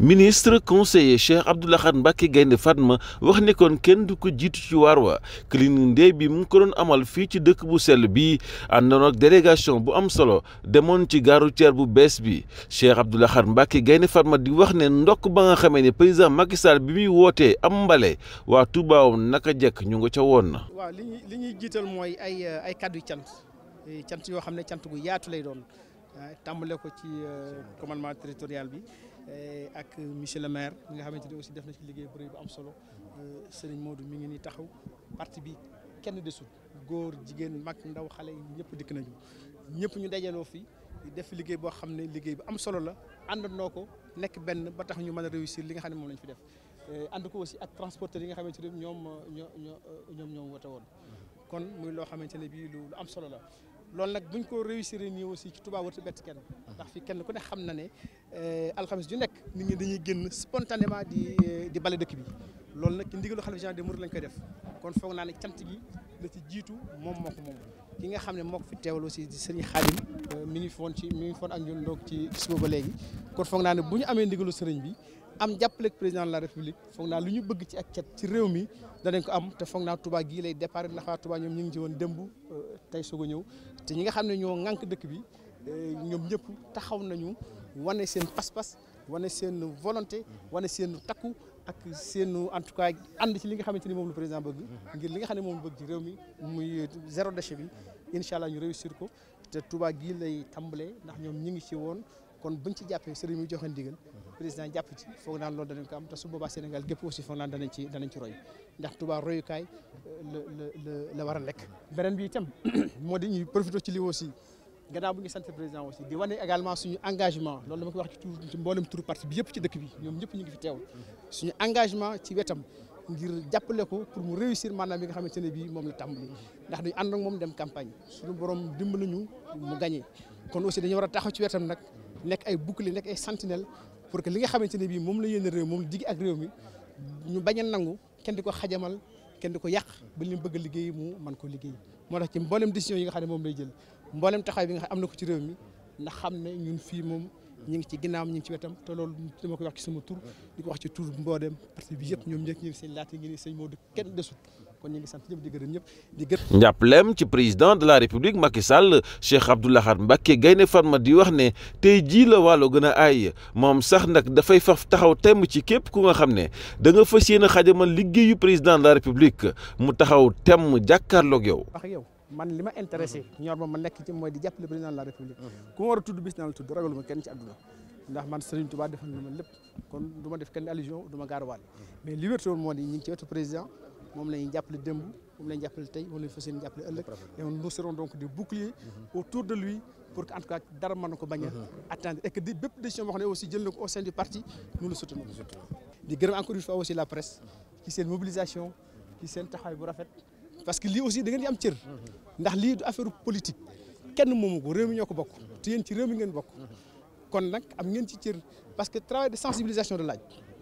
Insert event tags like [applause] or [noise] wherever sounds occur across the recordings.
ministre conseiller Cheikh Abdou Lahad Mbacké Gaynde Fatma wax ni kon kenn du ko jiitu ci waar wa clinique ndey bi mu ko doon amal fii ci dëkk bu sell bi àndoon ak délégation bu am solo demoon ci gare routière bu bees bi Cheikh Abdou Lahad Mbacké Gaynde Fatma di wax ne ndokk ba nga xamee ne président Macky Sall bi muy wootee am mbale waa Touba naka jekk ñu nga ca woon na. waaw li ñuy jiital mooy ay ay kaddu cant cant yoo xam ne cant gu yaatu lay doon. tàmbale ko ci commandement territorial bi ak monsieur le maire mi nga xamanteni aussi def na ci liguey bu rëy bu am solo Serigne Modou mi ngi ni taxaw parti bi kenn desul góor jigen mak ndaw xale ñëpp dik nañu ñëpp ñu dajanoo fi def liguey bo xamné liguey bu am solo la and noko nek ben ba tax ñu mëna réussir li nga xamné ne lañ fi def ànd ko aussi ak transporteur yi nga xamanteni ñom ñom ñom wata won kon muy lo xamanteni bi lu am solo la loolu nag buñ ko réussir nii aussi ci Touba warta bett kenn ndax fi kenn ku ne xam na ne alxames ju nekk nit ñi dañuy génn spontanément di di bale dëkk bi loolu nag ci ndigalu xalifa général des mourides lañ koy def kon foog naa ne cant gi la ci jiitu moom moo ko moom ki nga xam ne moo ko fi teewal aussi di sëriñ Xaadim mi ngi foon ci mi ngi foon ak ñun ndoog ci suba ba léegi kon foog naa ne bu ñu amee ndigalu sëriñ bi am jàppaleeg président de la république foog naa lu ñu bëgg ci ak cet ci réew mi danañ ko am te foog naa Touba gii lay départ na waa tubaa ñoom ñu ngi ci woon démb euh, tey soog a ñëw te ñi nga xam ne ñoo ŋànk dëkk bi euh, ñoom ñëpp taxaw nañu wane seen pas-pas wane seen volonté wane seen takku ak seen en tout cas ànd ci li xamante ni moom lu président bëgg ngir li nga xam ne moom bëgg ci réew mi muy zéro déchet bi incha allah ñu réussir ko te Touba gii lay tàmbalee ndax ñoom ñu ngi ci woon kon buñ ci jàppee sëriñ mi joxe ndigal président jàpp ci foog naa loolu danañ ko am te su boobaa Sénégal gépp aussi foog naa danañ ci danañ ci roy ndax Touba royukaay euh, la le le war a lekk. beneen bi itam [clears throat] moo di ñuy profité ci li aussi gannaaw bu ngi sant président aussi di wane également suñu engagement loolu dama ko wax ci tur ci mboolem tour parti bi yépp ci dëkk bi ñoom ñëpp ñu ngi fi teew suñu engagement ci wetam. ngir jàppale ko pour mu réussir maanaam yi nga xamante ne bii moom la tàmbali ndax dañu ànd ak moom dem campagne suñu borom dimbali ñu mu gagné kon aussi dañu war a taxaw ci wetam nag nekk ay bouclier nekk ay sentinelle pour que li nga xamante ne bii moom la yéen réew moom digg ak réew mi ñu bañ a nangu kenn di ko xajamal kenn di ko yàq ba li bëgg liggéey mu man ko liggéey moo tax ci mboolem décision yi nga xam ne moom lay jël mboolem taxaw bi nga am na ko ci réew mi ndax xam ne ñun fii moom ñu ngi ci ginnaawam ñu ci wetam te loolu dama koy wax ci sama tur di ko wax ci tur mboolem parti bi yëpp ñoom ñëpp ñu ngi seen laata ngi ni sëñ kenn desut njàppaleem ci président de la république Macky Sall Cheikh abdullah Lahad Mbacké gayne Fatma di wax ne tey jii la waalo gën a aay moom sax nag dafay faf taxaw temm ci képp ku nga xam ne da nga fas yéene xajamal liggéeyu président de la république mu taxaw temm jàkkaarloog yow. man li ma intéressé ñor ma ma nekk ci mooy di jàppale président de la république. ku war a tudd bis naa la tudd ragaluma kenn ci àdduna ndax man Serigne Touba defal na ma lépp kon du ma def kenn allusion du ma gaar waale mais liberté wér moo di ñu ngi ci wetu président moom la ñuy Dembou, démb moom la ñuy jàppale tey moom la ñuy et nous serons donc des boucliers mhm. autour de lui pour que en tout cas dara mën na ko mhm. attendre et que di bépp décision boo aussi jël au sein du parti nous le soutenons di gërëm encore une fois aussi la presse ci seen mobilisation ci travail pour bu rafet parce que lii aussi da ngeen di am cër mhm. ndax lii du affaire politique kenn moomu ko réew mi ñoo ko bokk te yéen ci réew mi ngeen bokk kon nag am ci parce que travail de sensibilisation de l'âge...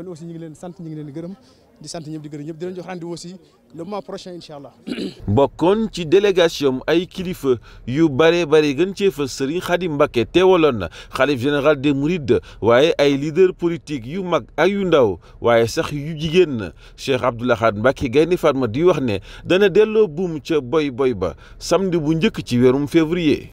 kon aussi ñu ngi leen sant ñu ngi leen gërëm sant ñëpp di gërëm ñëpp di leen jox rendez-vous aussi le mois prochain incha [coughs] bokkoon ci délégation ay kilifa yu bare bare gën cee fës Serigne Khadim Mbacké teewaloon na xalif général des Mourides waaye ay leader politique yu mag ak yu ndaw waaye sax yu jigéen na Cheikh Abdou Lahad Mbacké Gaïndé Fatma di wax ne dana delloo buum ca boy boy ba samedi bu njëkk ci weerum février.